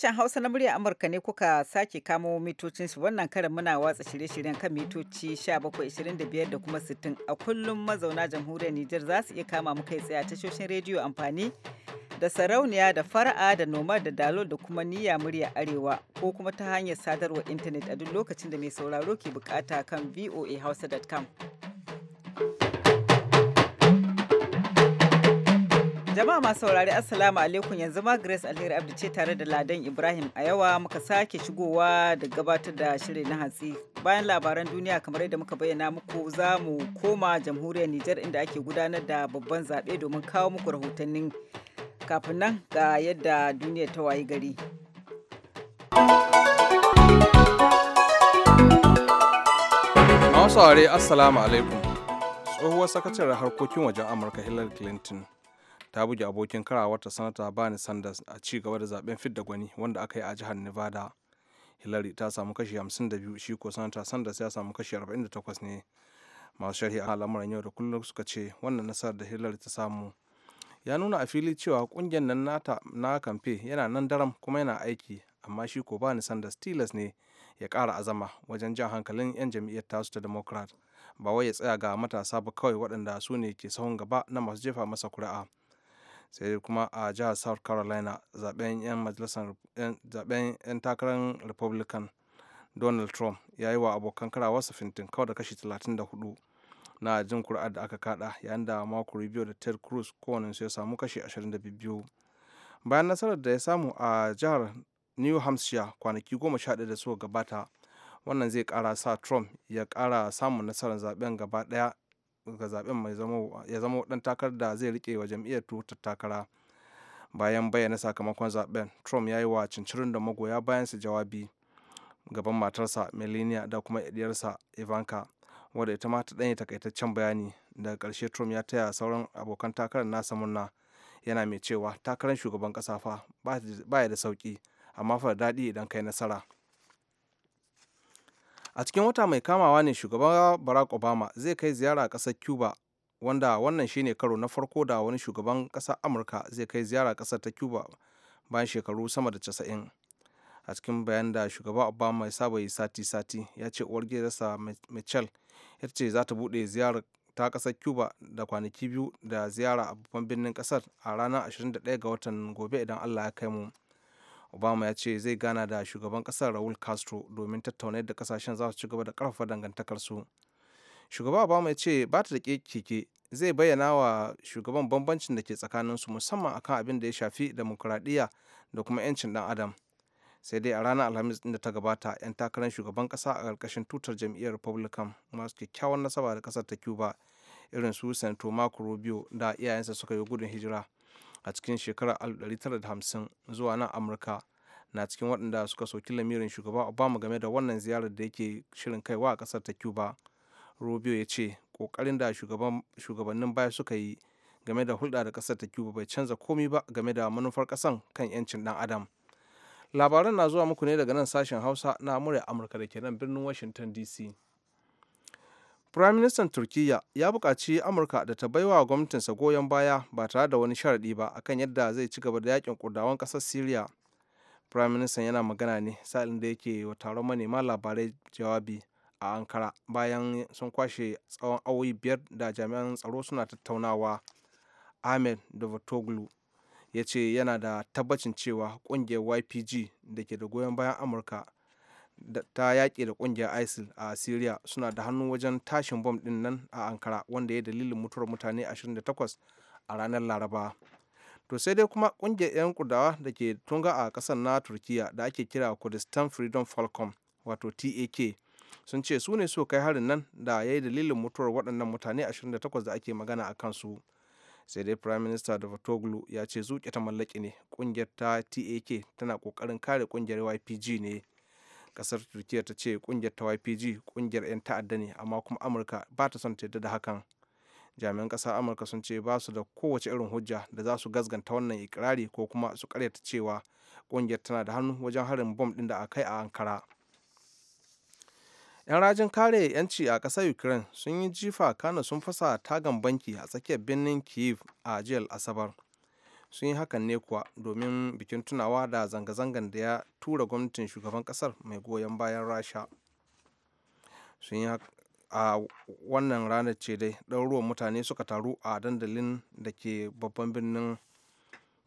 Sashen Hausa na murya Amurka ne kuka sake kamo mitocinsu wannan karin muna watsa shirye-shiryen kan mitoci 1725 da kuma 60 a kullum mazauna jamhuriyar Nijar za su iya kama mu kai tsaye a tashoshin rediyo amfani da sarauniya da fara'a da noma da dalol da kuma niyya murya arewa ko kuma ta hanyar sadarwar intanet a duk lokacin da mai sauraro ke bukata kan voahausa.com. Jama'a masu saurari Assalamu alaikum yanzu ma Grace Alheri Abdi ce tare da Ladan Ibrahim a yawa muka sake shigowa da gabatar da shirin na hatsi. Bayan labaran duniya kamar yadda muka bayyana muku za mu koma jamhuriyar Nijar inda ake gudanar da babban zaɓe domin kawo muku rahotannin kafin nan ga yadda duniya ta wayi gari. Masu saurari Assalamu alaikum. Tsohuwar sakataren harkokin wajen Amurka Hillary Clinton ta buge abokin karawarta sanata bani sanders a ci gaba da zaben fidda gwani wanda aka yi a jihar nevada hillary ta samu kashi 52 shi ko sanata sanders ya samu kashi 48 ne masu sharhi a lamuran yau da kullum suka ce wannan nasarar da hillary ta samu ya nuna a fili cewa kungiyar nan na kamfe yana nan daram kuma yana aiki amma shi ko bani sanders tilas ne ya kara azama wajen jan hankalin 'yan jam'iyyar tasu ta democrat ba wai ya tsaya ga matasa ba kawai waɗanda su ne ke sahun gaba na masu jefa masa kuri'a sai dai kuma a jihar south carolina zaben 'yan takarar republican donald trump ya yi wa abokan karawarsa fintin kawai da kashi 34 na jin kura da aka kada yayin da mako rubio da ted cruz su ya samu kashi 22 bayan nasarar da ya samu a jihar new hampshire kwanaki 11 da suka gabata wannan zai kara sa trump ya kara samun nasarar zaben gaba daya ga zaben ya zama dan takarar da zai rike wa jam'iyyar tutar takara bayan bayyana sakamakon zaben trump ya yi wa cincirin da magoya bayan su jawabi gaban matarsa melania da kuma diyarsa ivanka wadda ita ma ta ɗanyi takaitaccen bayani daga ƙarshe trump ya taya sauran abokan takarar nasa murna yana mai cewa takarar shugaban ƙasa fa ba ya da sauƙi amma fa daɗi idan kai nasara a cikin wata mai kamawa ne shugaban barack obama zai kai ziyara kasar cuba wanda wannan shine karo na farko da wani shugaban ƙasar amurka zai kai ziyara kasar ta cuba bayan shekaru sama da casa'in a cikin bayan da shugaba obama ya saba yi sati-sati ya ce uwar gidansa michel ya ce za ta buɗe ziyarar ta kasar cuba da kwanaki biyu da ziyara a babban birnin ƙasar a ranar 21 ga watan gobe idan allah ya kai mu obama ya ce zai gana da shugaban kasar raul castro domin tattauna yadda kasashen za su ci gaba da karfafa dangantakarsu shugaba obama ya ce ba ta da keke zai bayyana wa shugaban bambancin da ke tsakaninsu musamman akan abin da ya shafi demokuraɗiyya da kuma 'yancin dan adam sai dai a ranar alhamis inda ta gabata 'yan takarar shugaban kasa a ƙarƙashin tutar jam'iyyar republican masu kyakkyawan nasaba da kasar ta cuba irin su santo marco rubio da iyayensa suka yi gudun hijira a cikin shekarar 1950 zuwa nan amurka na cikin waɗanda suka soki lamirin shugaba obama game da wannan ziyarar da yake shirin kaiwa a ƙasar ta cuba rubio ya ce ƙoƙarin da shugabannin baya suka yi game da hulɗa da ƙasar ta cuba bai canza komi ba game da manufar ƙasan kan 'yancin ɗan adam labaran na zuwa muku ne daga nan sashen hausa na murya amurka da ke nan birnin washington dc Firaministan Turkiyya ya buƙaci Amurka da ta baiwa sa goyon baya ba tare da wani sharaɗi ba akan yadda zai ci gaba da yakin Kurdawan ƙasar Siriya. Firaministan yana magana ne sa'ilin da yake wa taron manema labarai jawabi a Ankara bayan sun kwashe tsawon awoyi biyar da jami'an tsaro suna tattaunawa. Ahmed Davutoglu ya ce yana da tabbacin cewa ƙungiyar YPG da ke da goyon bayan Amurka ta yaƙi da ƙungiyar isil a syria suna da hannu wajen tashin bom ɗin nan a ankara wanda ya dalilin mutuwar mutane 28 a ranar laraba to sai dai kuma ƙungiyar 'yan kudawa da ke tunga a ƙasar na turkiya da ake kira kurdistan freedom falcon wato tak sun ce su ne so kai harin nan da ya yi dalilin mutuwar waɗannan mutane 28 da ake magana a kansu sai dai prime minister fatoglu ya ce zuƙe ta mallaki ne ƙungiyar ta tak tana ƙoƙarin kare ƙungiyar ypg ne kasar turkiyya ta ce kungiyar ta ypg kungiyar 'yan ta'adda ne amma kuma amurka ba ta son ta da hakan jami'an kasar amurka sun ce ba su da kowace irin hujja da za su gazganta wannan ikirari ko kuma su karyata cewa kungiyar tana da hannu wajen harin bom din da a kai a ankara yan rajin kare yanci a ƙasar ukraine sun yi jifa kana sun fasa tagan banki a tsakiyar birnin kiev a jiyar asabar sun yi hakan ne kuwa domin bikin tunawa da zanga-zangan da ya tura gwamnatin shugaban kasar mai goyon bayan rasha sun yi a wannan ranar ce dai ruwan mutane suka taru a dandalin da ke babban birnin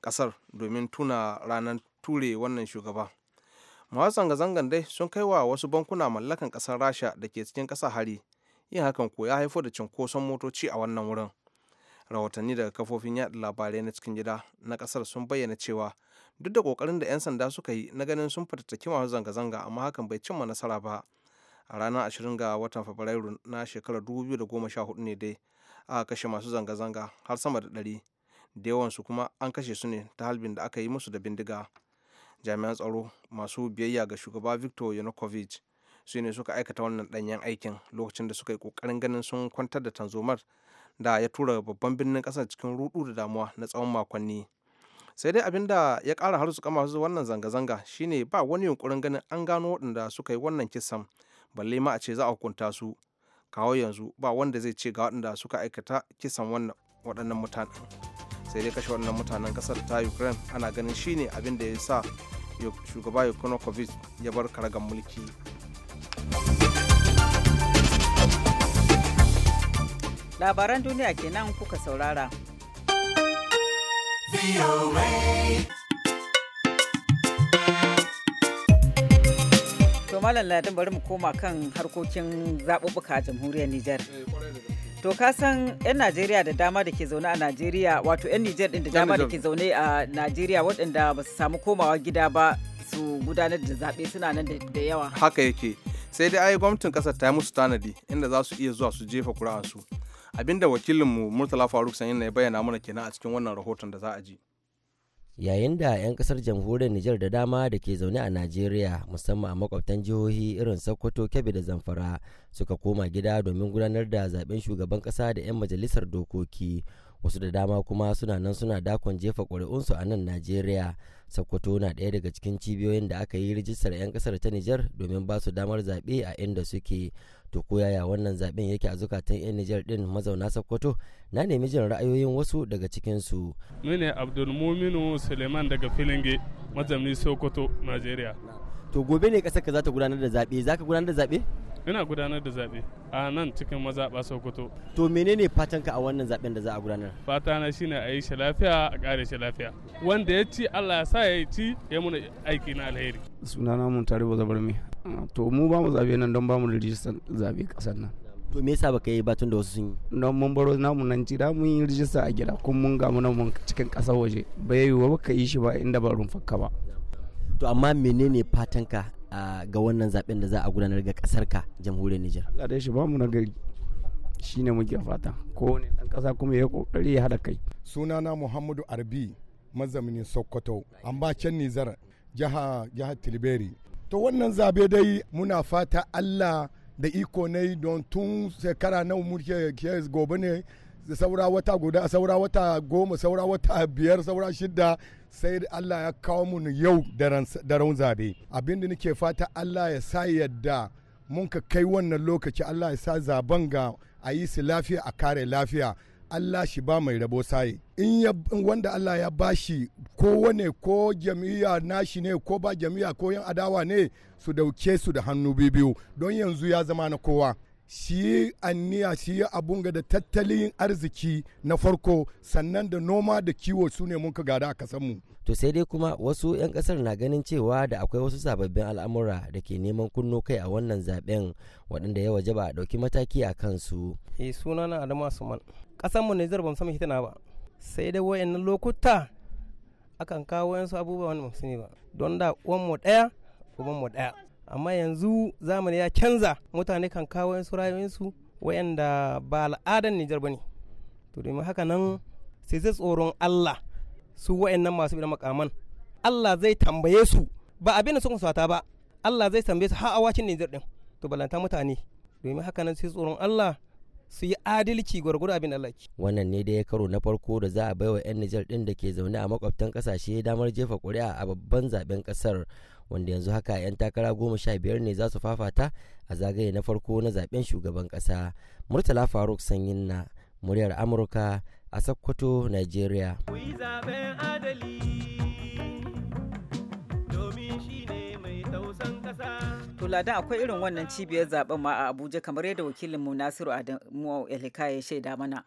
kasar domin tuna ranar ture wannan shugaba masu zanga-zangan dai sun kai wa wasu bankuna mallakan kasar rasha da ke cikin ƙasa hari yin hakan ko ya haifar da cunkoson motoci a wannan wurin rahotanni daga kafofin yada labarai na cikin gida na ƙasar sun bayyana cewa duk da kokarin da 'yan sanda suka yi na ganin sun fatattaki masu zanga-zanga amma hakan bai cimma nasara ba a ranar 20 ga watan fabrairu na shekarar 2014 ne dai aka kashe masu zanga-zanga har sama da 100 da yawansu kuma an kashe su ne ta halbin da aka yi musu da bindiga jami'an tsaro masu biyayya ga shugaba victor yanukovic su ne suka aikata wannan danyen aikin lokacin da suka yi kokarin ganin sun kwantar da tanzomar da ya tura babban birnin kasar cikin rudu da damuwa na tsawon makonni sai dai abin da ya kara har harzuka masu wannan zanga-zanga shine ba wani yunkurin ganin an gano waɗanda suka yi wannan kisan balle ma a ce za a hukunta su kawo yanzu ba wanda zai ce ga waɗanda suka aikata kisan waɗannan mutanen sai dai kashe waɗannan mutanen ƙasar ta ukraine ana ganin shine abin da ya sa shugaba covid ya bar karagar mulki labaran duniya kenan kuka saurara to malam ladin bari mu koma kan harkokin zaɓuɓɓuka a jamhuriyar nijar eh, to ka san 'yan najeriya da dama da ke zaune a najeriya wato 'yan nijar din da dama da ke zaune a najeriya waɗanda ba su samu komawa gida ba su gudanar da zaɓe suna nan da yawa haka yake sai dai ai gwamnatin ƙasar ta yi musu tanadi inda za su iya zuwa su jefa su abinda wakilinmu murtala faruk sanyin ya bayyana mana kenan a cikin wannan rahoton da za a ji yayin da 'yan kasar jamhuriyar nijar da dama da ke zaune a najeriya musamman a makwabtan jihohi irin sokoto kebbi da zamfara suka koma gida domin gudanar da zaben shugaban kasa da 'yan majalisar dokoki wasu da dama kuma suna nan suna dakon jefa ƙuri'unsu a nan najeriya sokoto na ɗaya daga cikin cibiyoyin da aka yi rijistar 'yan kasar ta nijar domin ba su damar zaɓe a inda suke to ko yaya wannan zaben yake a zukatan yan Nijar din mazauna Sokoto na nemi jin ra'ayoyin wasu daga cikin su ni ne Abdulmuminu Suleiman daga Filinge mazamni Sokoto Najeriya to gobe ne kasar ka za ta gudanar da zabe ka gudanar da zabe ina gudanar da zaɓe a nan cikin mazaba sokoto to menene fatan ka a wannan zaben da za a gudanar fata na shine a yi shi lafiya a kare shi lafiya wanda ya ci allah ya sa ya ci ya muna aiki na alheri sunana mun tare ba zabarmi to mu ba mu zabe nan don ba mu da rijistar zabe kasar nan to me yasa baka yi batun da wasu sun yi don mun baro namu nan ci da mun yi rijista a gida kun mun ga mun mun cikin kasar waje ba yayi wa baka yi shi ba inda ba ka ba to amma menene fatanka ga wannan zaben da za a gudanar ga kasar ka jamhuriyar Nijar Allah da shi ba mu nagari shine muke fata ko ne dan kasa kuma ya kokari ya hada kai sunana Muhammadu Arbi mazaminin Sokoto an ba can Nizar Jiha jihar Tilberi to wannan zabe dai muna fata allah da iko ne don tun shekara na ke gobe ne saura wata guda saura wata goma saura wata biyar saura shidda sai allah ya kawo mu yau da raun zabe abinda nake fata allah ya sa yadda mun ka kai wannan lokaci allah ya sa zaben ga a yi su lafiya a kare lafiya Allah shi ba mai rabo saye in wanda Allah ya bashi ko wane ko jami'a nashi ne ko ba jami'a ko yan adawa ne su dauke su da hannu biyu don yanzu ya zama na kowa shi anniya shi abun ga da tattalin arziki na farko sannan da noma da kiwo su ne muka gada a kasanmu. To sai dai kuma wasu 'yan kasar na ganin cewa da akwai wasu sababbin al'amura da ke neman kunno kai a wannan zaben waɗanda ya jaba ba a dauki mataki a kansu. Eh sunana Adamu Asuman. ƙasar mu Nijar bamu samu hitina ba sai dai wayannan lokuta akan kawo wayansu abubuwa wanda bamu sani ba don da uwan mu ɗaya uban mu ɗaya amma yanzu zamani ya canza mutane kan kawo wayansu su wayanda ba al'adan Nijar bane to domin haka nan sai zai tsoron Allah su wayannan masu bin makaman Allah zai tambaye su ba abin da suka sata ba Allah zai tambaye su har awacin Nijar din to balanta mutane domin haka nan sai tsoron Allah su yi adalci gwargwaro abin Allah ke. Wannan ne dai karo na farko da za a baiwa 'yan Nijar ɗin da ke zaune a makwabtan ƙasashe damar jefa ƙuri'a a babban zaben ƙasar wanda yanzu haka 'yan takara goma sha biyar ne za su fafata a zagaye na farko na zaben shugaban ƙasa. Murtala Faruk Sanyin na muryar Amurka a Sokoto, Nigeria. Ku yi zaben adali To lada akwai irin wannan cibiyar zaben ma a Abuja kamar yadda mu Nasiru Adamu Elika ya shaida mana.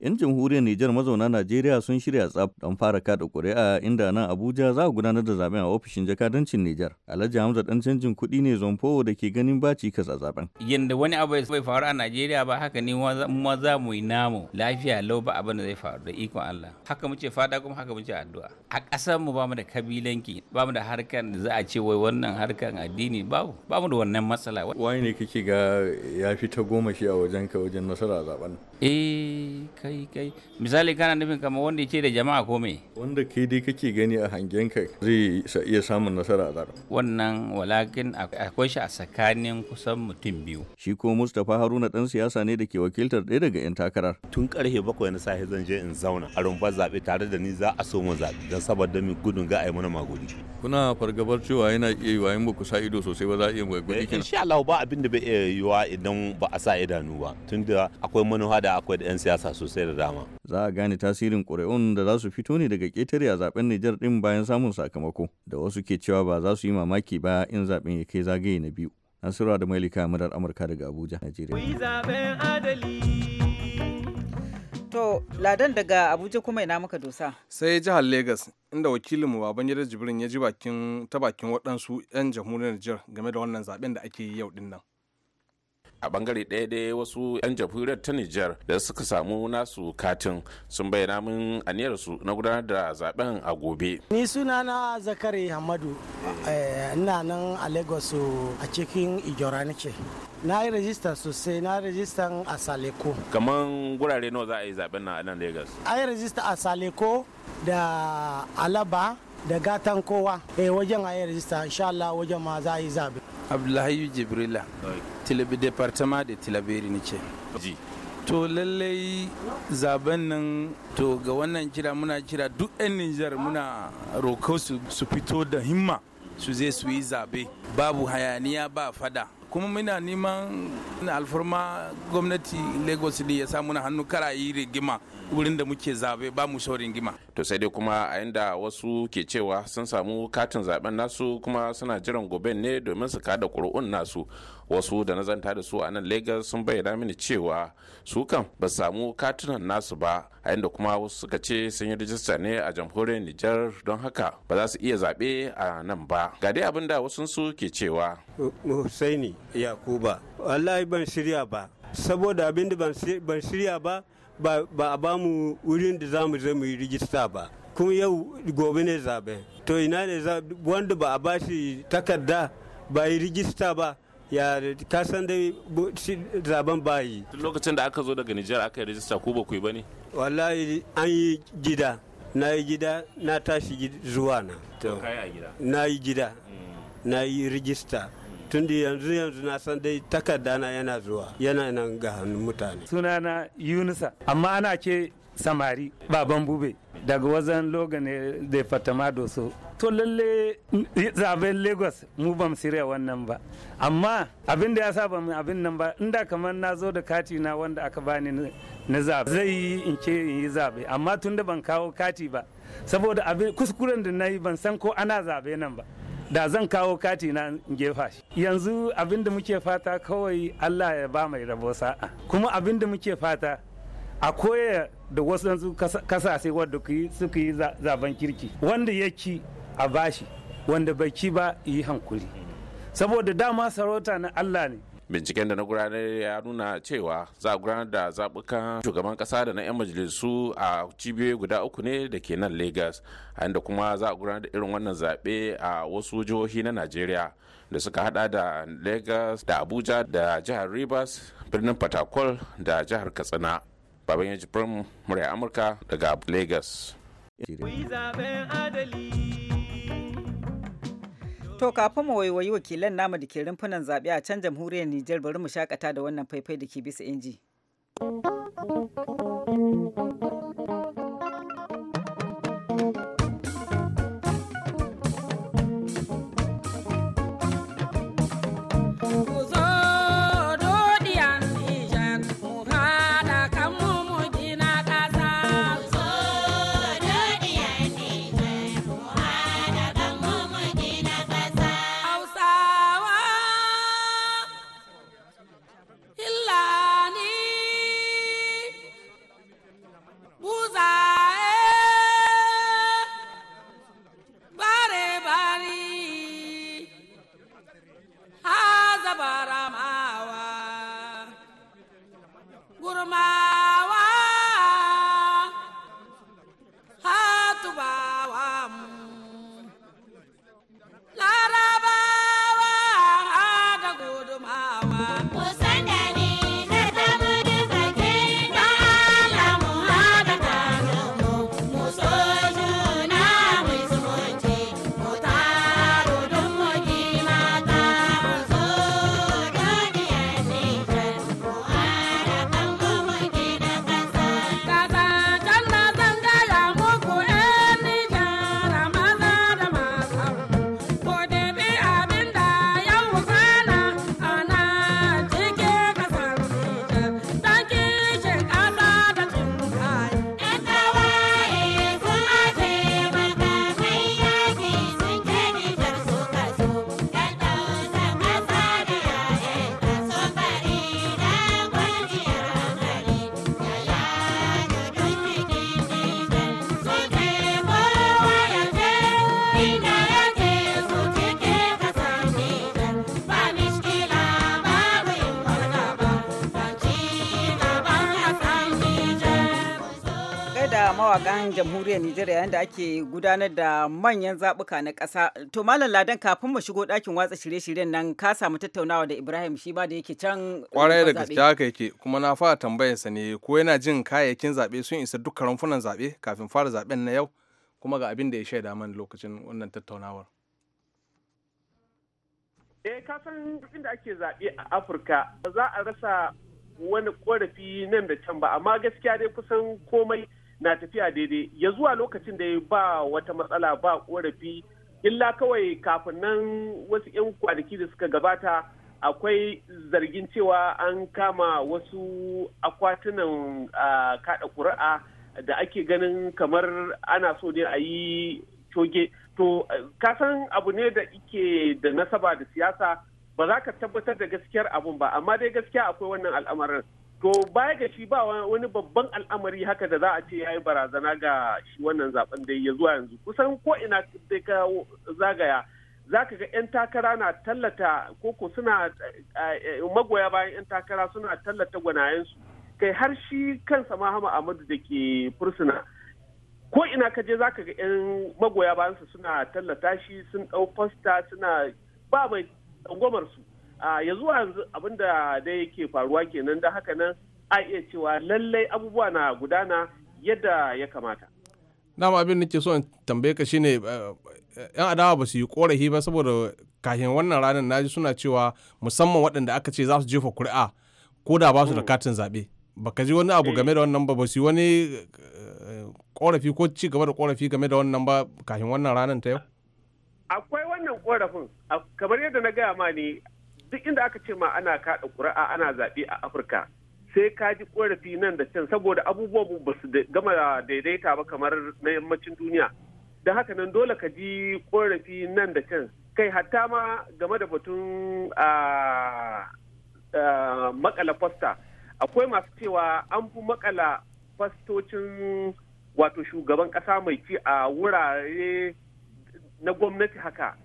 'Yan jamhuriyar Nijar mazauna Najeriya sun shirya tsaf don fara kada ƙuri'a inda nan Abuja za a gudanar da zaben a ofishin jakadancin Nijar. Alhaji Hamza dan canjin kuɗi ne Zomfo da ke ganin baci kasa zaben. Yanda wani abu bai faru a Najeriya ba haka ne mu za mu yi namu lafiya lau ba abin zai faru da ikon Allah. Haka muke fada kuma haka muke addu'a. A ƙasar mu bamu da kabilanki, bamu da harkar da za a ce wai wannan harkar addini babu, bamu da wannan matsala. Wani ne kake ga ya fi ta goma shi a wajenka wajen nasara zaben? Eh kai kai misali kana nufin kamar wanda ya ce da jama'a ko me wanda kai dai kake gani a hangen kai zai iya samun nasara a wannan walakin akwai shi a tsakanin kusan mutum biyu shi ko mustapha haruna dan siyasa ne da ke wakiltar ɗaya daga yan takarar tun karfe bakwai na safe zan je in zauna a rumfar zaɓe tare da ni za a so mu zaɓe don saboda mu gudun ga a yi mana magudi kuna fargabar cewa yana iya yiwa in ba ku sa ido sosai ba za a iya magudi eh, kenan insha Allah ba abin da bai iya yiwa idan ba a sa idanu ba tunda akwai manufa da akwai da yan siyasa sosai sai da dama. Za a gane tasirin ƙuri'un da za su fito ne daga ƙetare a zaben Nijar ɗin bayan samun sakamako da wasu ke cewa ba za su yi mamaki ba in zaben ya kai zagaye na biyu. Nasiru da Mailika Murar Amurka daga Abuja, Najeriya. To, ladan daga Abuja kuma ina maka dosa. Sai jihar Legas, inda wakilinmu Babangida Jibrin ya ji ta bakin waɗansu 'yan jamhuriyar Nijar game da wannan zaben da ake yi yau din a bangare ɗaya ɗaya wasu 'yan jamhuriyar ta nijar da suka samu nasu katin sun bayyana min su na gudanar da zaben a gobe ni sunana zakari hamadu eh, ina nan a lagos a cikin ijora nake na yi rajista sosai na rajista a saleko kaman gurare nawa za a yi zaben na nan lagos a yi rajista a saleko da alaba da gatan kowa eh wajen a yi rajista insha Allah wajen ma za a yi zabe Abdullahi Jibrila Tilabi Departement da Tilaberi ce to lallai zaben nan to ga wannan kira muna kira duk 'yan Nijar muna roko su fito da himma su zai su yi zabe babu hayaniya ba fada kuma muna neman alfarma gwamnati lagos ne ya samu na hannu kara yi rigima wurin da muke zabe ba mu shaurin rigima to sai dai kuma a inda wasu ke cewa sun samu katin zaben nasu kuma suna jiran goben ne domin su kada ƙuri'un nasu wasu da na zanta da su a nan lagos sun bayyana mini cewa su kan ba samu katunan nasu ba a inda kuma wasu suka ce sun yi rijista ne a jamhuriyar nijar don haka ba za su iya zaɓe a nan ba ga dai abin da wasu su ke cewa husaini yakuba wallahi ban shirya ba saboda abin da ban shirya ba ba a ba mu wurin da za mu yi rijista ba kuma yau gobe ne zaɓe to ina ne wanda ba a bashi takarda ba yi rijista ba ya ka san dai zaben bayi lokacin da aka zo daga Nijar aka yi rajista ko ba ku yi ne? wallahi an yi gida na yi gida na tashi zuwa na na yi gida mm. na yi rajista mm. tun da yanzu yanzu na san dai takarda na yana zuwa yana nan ga hannun mutane sunana yunusa amma ana ke samari baban bube daga wajen logan da fatama doso to lalle zaben lagos mu mu shirya wannan ba amma abin da ya sa ba mu abin nan ba inda kamar na zo da kati na wanda aka bani na zabe zai yi in ce in yi zabe amma tun da ban kawo kati ba saboda abin kuskuren da na yi ban san ko ana zabe nan ba da zan kawo kati na gefa shi yanzu abin da muke fata kawai allah ya ba mai rabo sa'a kuma abin da muke fata a koya da wasu kasashe wadda suka yi zaben kirki wanda ya ki a bashi wanda baki ba yi hankuri saboda dama sarauta na Allah ne binciken da na gudanar ya nuna cewa za a gudanar da zaɓukan shugaban ƙasa da na 'yan majalisu a cibiyoyi guda uku ne da ke nan lagos a inda kuma za a gudanar da irin wannan zaɓe a wasu jihohi na najeriya da suka hada da lagos da abuja da jihar rivers birnin fatakol da jihar katsina baban yaji murya amurka daga lagos adali To kafin mu waiwayi wakilan namu da ke rumfunan zaɓe a can jamhuriyar Nijar bari mu shakata da wannan faifai da ke bisa inji. jamhuriyar Nijar yayin da ake gudanar da manyan zabuka na ƙasa. To Malam Ladan kafin mu shigo dakin watsa shirye-shiryen nan ka samu tattaunawa da Ibrahim shi ba da yake can. Kwarai da gaske haka yake kuma na fara tambayar sa ne ko yana jin kayayyakin zabe sun isa duk rumfunan zaɓe kafin fara zaɓen na yau kuma ga abin da ya shaida man lokacin wannan tattaunawar. Eh ka san duk da ake zaɓe a Afirka za a rasa wani korafi nan da can ba amma gaskiya dai kusan komai na tafiya daidai ya zuwa lokacin da ya ba wata matsala ba ƙorafi illa kawai kafin nan wasu 'yan kwanaki da suka gabata akwai zargin cewa an kama wasu akwatunan kada ƙuri'a da ake ganin kamar ana so ne a yi coge to kasan abu ne da ike da nasaba da siyasa ba za ka tabbatar da gaskiyar abun ba amma dai gaskiya akwai wannan al'amarin to baya ga shi ba wani babban al'amari haka da za a ce ya yi barazana ga shi wannan zaben da ya zuwa yanzu kusan ko ina dai ka zagaya za ka ga 'yan takara na tallata koko suna magoya bayan 'yan takara suna tallata gwanayensu kai har shi kansa mahama amadu da ke fursuna ko ina ka je za ka ga 'yan magoya bayansa suna tallata shi sun ɗau fasta suna ba mai su ya zuwa abin da yake faruwa kenan da haka nan a iya cewa lallai abubuwa na gudana yadda ya kamata. Dama abin nake so in tambaye ka shine eh, eh, yan adawa ba su yi korafi ba saboda kafin wannan ranar naji suna cewa musamman waɗanda aka ce za su jefa kuri'a ko da ba su da mm. katin zaɓe. Baka ji wani abu eh. game da wannan ba ba su yi wani korafi ko ci gaba da korafi game da wannan ba kafin wannan ranar ta yau? Akwai wannan korafin kamar yadda na gaya ma ne duk inda aka ce ma ana kaɗa ƙuri'a ana zaɓe a afirka sai ka ji ƙorafi nan da can saboda abubuwan ba su gama daidaita ba kamar na yammacin duniya da haka nan dole ka ji ƙorafi nan da can kai hatta ma game da batun makala fasta akwai masu cewa an fi makala fastocin wato shugaban ƙasa mai ci a wurare na gwamnati haka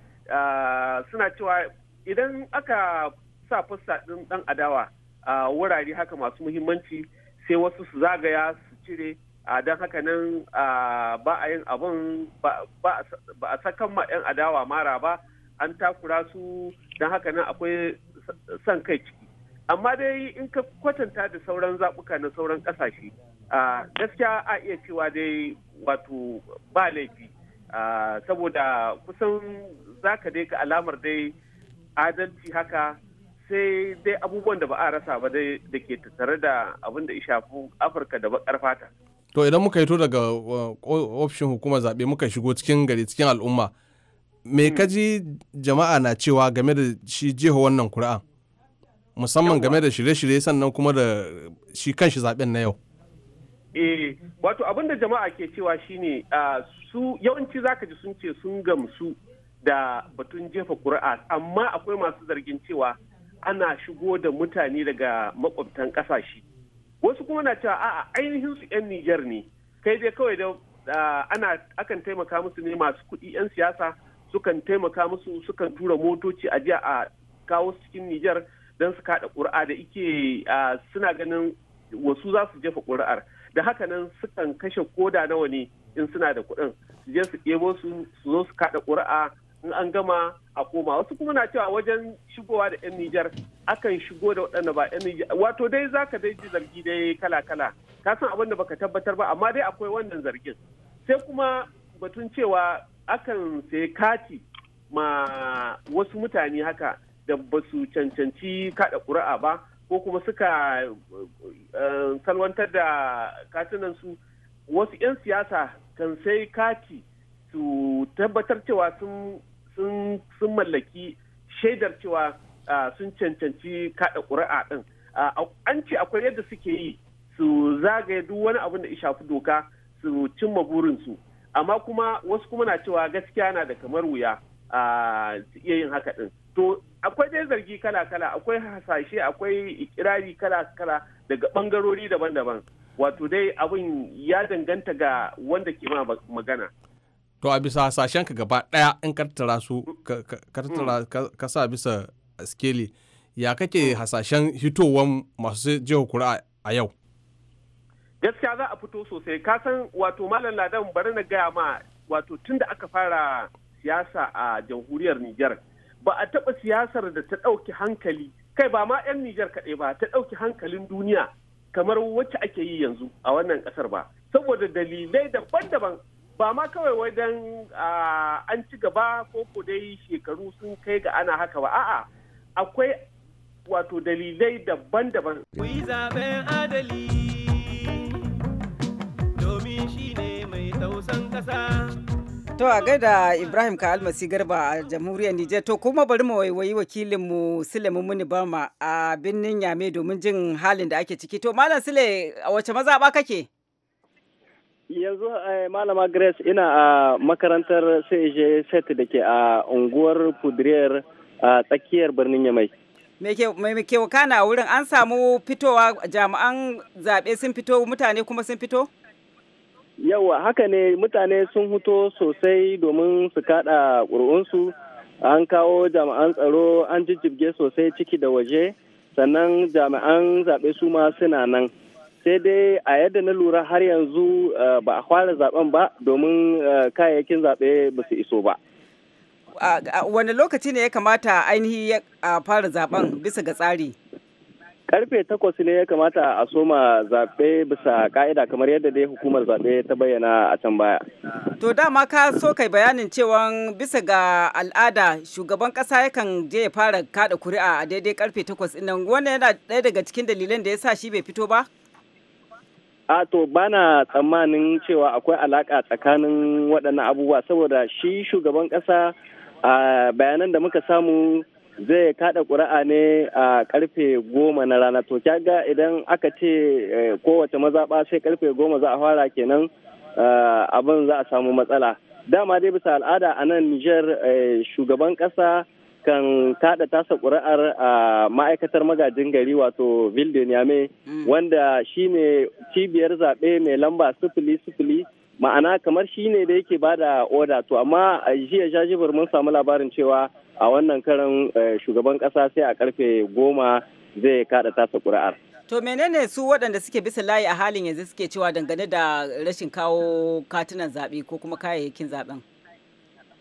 suna cewa idan aka sa fassa ɗin ɗan adawa a wurare haka masu muhimmanci sai wasu su zagaya su cire a don haka nan ba a yin abun ba a sakan ma 'yan adawa mara ba an takura su don haka nan akwai son kai ciki amma dai in ka kwatanta da sauran zaɓuka na sauran ƙasashe gaskiya a iya cewa dai wato ba laifi saboda kusan zaka dai ka alamar dai adalci haka sai dai abubuwan da ba a rasa ba dai da ke tattare da abin da shafi afirka da bakar fata to idan muka hito daga uh, ofishin hukumar zaɓe muka shigo cikin gari cikin al'umma me ka ji jama'a na cewa game da shi jiho wannan kura'an musamman game da shirye-shirye sannan kuma da shi kan shi zaɓen na yau eh wato abin da jama'a ke cewa shine uh, su yawanci zaka ji sun ce sun gamsu da batun jefa ƙuri'a amma akwai masu zargin cewa ana shigo da mutane daga makwabtan ƙasashe wasu kuma na cewa a ainihin su 'yan Nijar ne kai dai kawai da ana akan taimaka musu ne masu kuɗi 'yan siyasa sukan taimaka musu sukan tura motoci a jiya a kawo su cikin Nijar don su kaɗa ƙuri'a da ike suna ganin wasu za su jefa ƙuri'ar da haka nan sukan kashe koda nawa ne in suna da kuɗin su je su ɗebo su su zo su kaɗa ƙuri'a in an gama a koma wasu kuma na cewa wajen shigowa da 'yan Nijar akan shigo da waɗanda ba 'yan Nijar wato dai za ka dai ji zargi dai kala-kala ka san abin da baka tabbatar ba amma dai akwai wannan zargin sai kuma batun cewa akan sai kati ma wasu mutane haka da ba su cancanci kaɗa ƙuri'a ba ko kuma suka eh, salwantar da katunan su wasu 'yan siyasa kan sai kati su tabbatar cewa sun sun mallaki shaidar cewa sun cancanci kada ƙuri'a ɗin an ce akwai yadda suke yi su zagaye duk wani abin da ya shafi doka su cimma burinsu amma kuma wasu kuma na cewa gaskiya na da kamar wuya su iya yin haka ɗin to akwai dai zargi kala-kala akwai hasashe akwai ikirari kala-kala daga ɓangarori daban-daban wato dai abin ya danganta ga wanda ke magana to a bisa hasashen ka gaba daya in kartara su ka sa bisa skeli ya kake hasashen hitowar masu jihar kura a yau gaskiya za a fito sosai ka san wato malam ladan bari na gaya ma wato tun da aka fara siyasa a jamhuriyar Nijar ba a taba siyasar da ta ɗauki hankali kai ba ma 'yan Nijar kaɗai ba ta ɗauki hankalin duniya kamar wacce ake yi yanzu a wannan ƙasar ba saboda dalilai daban-daban ba ma kawai wajen ah, an ci gaba ko ko dai shekaru sun kai ga ana haka ba a'a akwai wato dalilai daban-daban ku zaben adali domin shi ne mai tausan kasa To a gaida Ibrahim ka almasi garba a jamhuriyar Nijar to kuma bari mu waiwayi wakilinmu Sulemu Muni Bama a birnin Yame domin jin halin da ake ciki. To Malam Sule a wace ba kake? yanzu eh, malama grace ina a makarantar caj set da ke a unguwar kudriyar a tsakiyar birnin yamai mai ke wakana a wurin an samu fitowa jami'an zaɓe sun fito mutane kuma sun fito yawa haka ne mutane sun huto sosai domin su kaɗa ƙuri'unsu an kawo jami'an tsaro an jijjibge sosai ciki da waje sannan jami'an zaɓe su ma suna nan sai dai a yadda na lura har yanzu eh, ba a fara zaben ba domin eh, kayayyakin zaɓe ba su iso ba. Wane lokaci ne ya kamata ainihi ya fara zaben bisa ga tsari? Karfe takwas ne ya kamata a soma zaɓe bisa ka'ida kamar yadda dai hukumar zaɓe ta bayyana a can baya. To dama ka so kai bayanin cewa bisa ga al'ada shugaban ƙasa yakan je ya fara kaɗa kuri'a a daidai karfe takwas ɗin nan wannan yana ɗaya daga cikin dalilan da ya sa shi bai fito ba? a to bana tsammanin cewa akwai alaka tsakanin waɗannan abubuwa saboda shi shugaban ƙasa a bayanan da muka samu zai kada ƙuri'a ne a karfe goma na rana to kyaga idan aka ce eh, kowace mazaɓa sai karfe goma za a fara kenan eh, abin za a samu matsala dama dai bisa al'ada a nan niger eh, shugaban ƙasa kan kada tasa ƙuri'ar a ma'aikatar magajin gari wato vildin yame mm. wanda shine cibiyar zaɓe mai lamba sifili sifili ma'ana kamar shine da yake bada oda to amma jiya jajibir mun samu labarin cewa a wannan karan eh, shugaban ƙasa sai a karfe goma zai kada tasa ƙuri'ar. To menene su waɗanda suke bisa layi a halin yanzu suke cewa dangane da rashin kawo katunan zaɓe ko kuma kayayyakin zaɓen?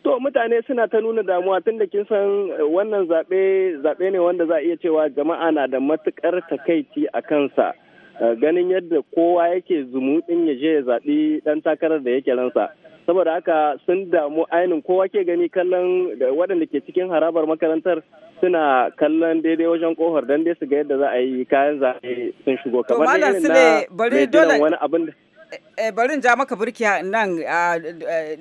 To mutane suna ta nuna damuwa tun da kin san eh, wannan zaɓe zaɓe ne wanda za a iya cewa jama'a na da matuƙar takaici a kansa eh, ganin yadda kowa yake zumuɗin ya je ya zaɓi ɗan takarar da yake ransa. Saboda haka sun damu ainin kowa ke gani kallon waɗanda ke cikin harabar makarantar suna kallon daidai wajen kofar don dai su ga yadda za a yi kayan zaɓe sun shigo. kamar irin na wani abin Eh, eh, bari ja maka burki nan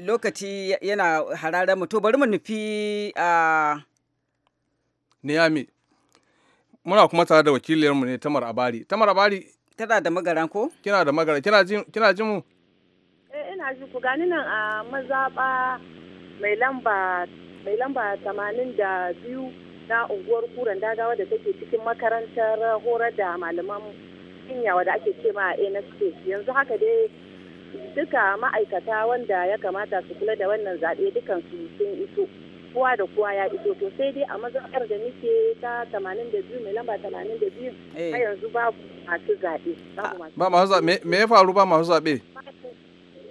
lokaci yana hararen mu to bari mu nufi a Niyami. Muna kuma tare da wakiliyarmu ne Tamar Abari. Tamar Abari. Tana da magaran ko? Kina da magaran. Kina ji mu? Eh ina ji ku gani nan a mazaba mai lamba mai lamba 82 na unguwar kuran dagawa da take cikin makarantar horar da malaman jinya wadda ake ce ma nsp yanzu haka dai duka ma'aikata wanda ya kamata su kula da wannan zaɓe dukan su sun iso kowa da kowa ya iso to sai dai a mazaɓar da nike ta 82 mai lamba 82 a eh. yanzu babu masu zaɓe. Ah, ba masu zaɓe me ya faru ba masu zaɓe?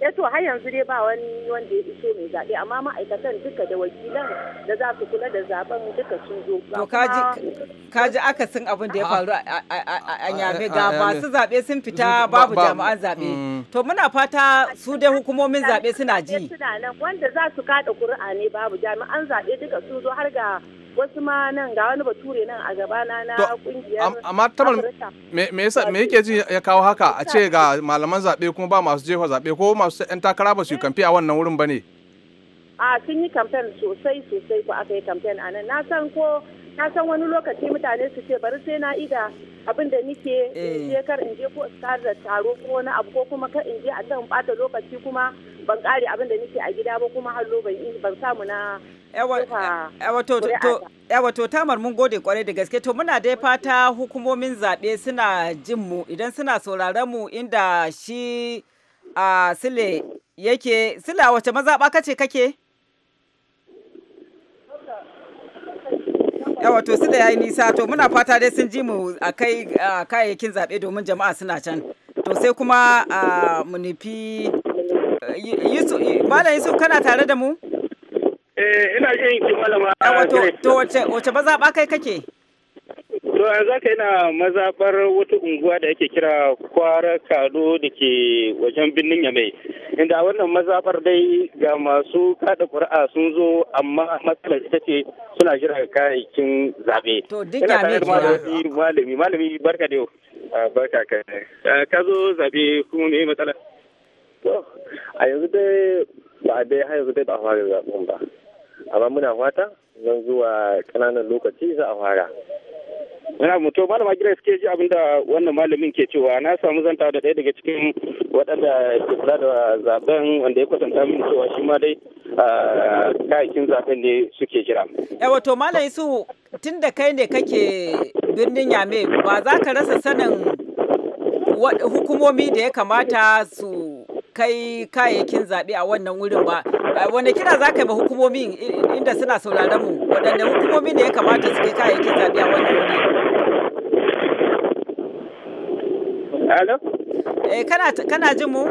eh to har yanzu dai ba wani wanda ya iso mai zaɓe amma ma'aikatan duka da wakilan da za su kula da zaben duka sun zo to kaji kaji akasin abin da ya ah. faru a yabe ga masu zaɓe sun fita babu jami'an mm. zaɓe to muna fata su dai hukumomin zaɓe suna ji wanda za su kada ƙuri'a ne babu jami'an zaɓe duka sun zo har ga wasu ma nan ga wani bature nan a gabana na kungiyar amma tamar me yasa me yake ji ya kawo haka a ce ga malaman zaɓe kuma ba masu jefa zaɓe ko masu yan takara ba su kamfe a wannan wurin ba ne a sun yi kamfen sosai sosai ko aka yi kamfen a nan na san ko na san wani lokaci mutane su ce bari sai na ida abin da nike eh. je kar in je ko tsar da taro ko wani abu ko kuma kar in je a can bata lokaci kuma ban kare abin da nike a gida ba kuma hallo ban ban samu na yawa to tamar mun gode kwarai da gaske to muna dai fata hukumomin zaɓe suna jin mu idan suna sauraron mu inda shi a sile yake a wace mazaɓa kace kake yawa to su da yayi nisa to muna fata dai sun ji mu a kai kayayyakin zaɓe domin jama'a suna can to sai kuma mu nufi eh, malam yusuf kana tare da mu eh ina jin ki malama yawa to wace wace bazaɓa kai kake To yanzu haka yana mazaɓar wata unguwa da ake kira kwara kado da ke wajen birnin yamai inda wannan mazaɓar dai ga masu kada kuri'a sun zo amma matsalar ita ce suna jira kayayyakin zaɓe. To duk yame jira. Malami malami barka da yau. Barka ka. Ka zo zaɓe kuma me matsala? To a yanzu dai ba dai har yanzu dai ba a fara zaɓen ba. Amma muna fata zan zuwa ƙananan lokaci za a fara. Yana mutu malama Grace ke ji abin da wannan malamin ke cewa na samu zanta da ɗaya daga cikin waɗanda ke kula da zaben wanda ya kwatanta min cewa shi ma dai kayakin zaben ne suke jira. Ya wato malam su tun da kai ne kake birnin Yame ba za ka rasa sanin hukumomi da ya kamata su kai kayayyakin zaɓe a wannan wurin ba wanda kira za ka yi ba hukumomi inda suna sauraron mu waɗanda hukumomi ne ya kamata su kai kayayyakin zaɓe a wannan wuri Hello? Eh, kana, kana jin mu?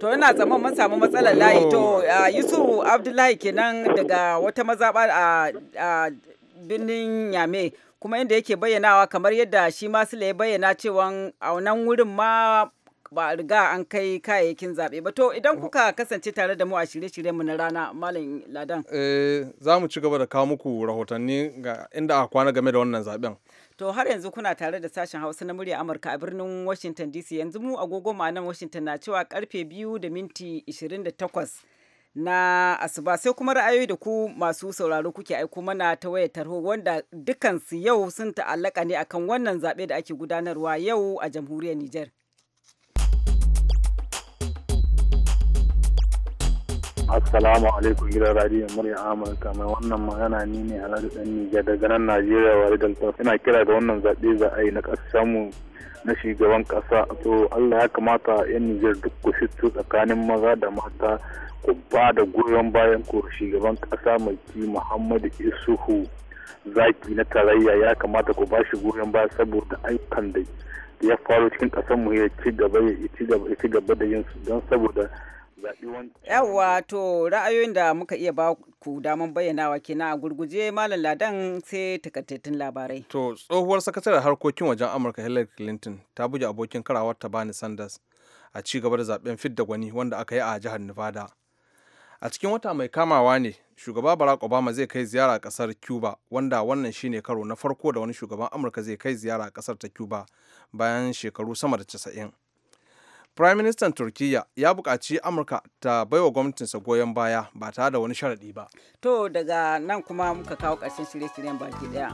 to ina tsammanin mun samu matsalar layi to oh. yusuf abdullahi kenan daga wata mazaɓa a birnin Yame kuma inda yake bayyanawa kamar yadda shi ma ya bayyana cewa a wannan wurin ma ba a riga an kai kayayyakin zaɓe ba to idan kuka kasance tare da mu a shirye-shiryenmu na rana malam ladan eh za mu ci gaba da kawo muku rahotanni ga inda a kwana game da wannan zaɓen to har yanzu kuna tare da sashen hausa na murya amurka a birnin washington dc yanzu mu agogo ma'anan washington na cewa karfe biyu da minti 28 na asuba sai kuma ra'ayoyi da ku masu sauraro kuke aiko mana ta wayar tarho wanda dukansu yau sun ta'allaka ne akan wannan zaɓe da ake gudanarwa yau a jamhuriyar Nijar. Assalamu alaikum gidan radiyon murya Amurka mai wannan magana ni ne a Nijar daga nan Najeriya wa Ina kira da wannan zaɓe za a yi na mu. na shugaban kasa to allah ya kamata yan nijar duk ku fito tsakanin maza da mata ku ba da goyon bayan ku shugaban kasa mai ki muhammadu isuhu zaki na tarayya ya kamata ku ba shi goyon baya saboda ayyukan da ya faru cikin kasan mu ya ci gaba ya ci gaba da yin su don saboda zaɓi wani. Yawwa to ra'ayoyin da muka iya ba ku damar bayyanawa kenan a gurguje Malam Ladan sai takaitattun labarai. To tsohuwar sakataren harkokin wajen Amurka Hillary Clinton ta buge abokin karawar ta Bernie Sanders a ci gaba da zaben fidda gwani wanda aka yi a jihar Nevada. A cikin wata mai kamawa ne shugaba Barack Obama zai kai ziyara a kasar Cuba wanda wannan shine karo na farko da wani shugaban Amurka zai kai ziyara a kasar ta Cuba bayan shekaru sama da casa'in. Prime Minister Turkiyya ya buƙaci Amurka ta baiwa gwamnatinsa goyon baya ba tare da wani sharaɗi ba. To daga nan kuma muka kawo ƙarshen shirye-shiryen baki ɗaya.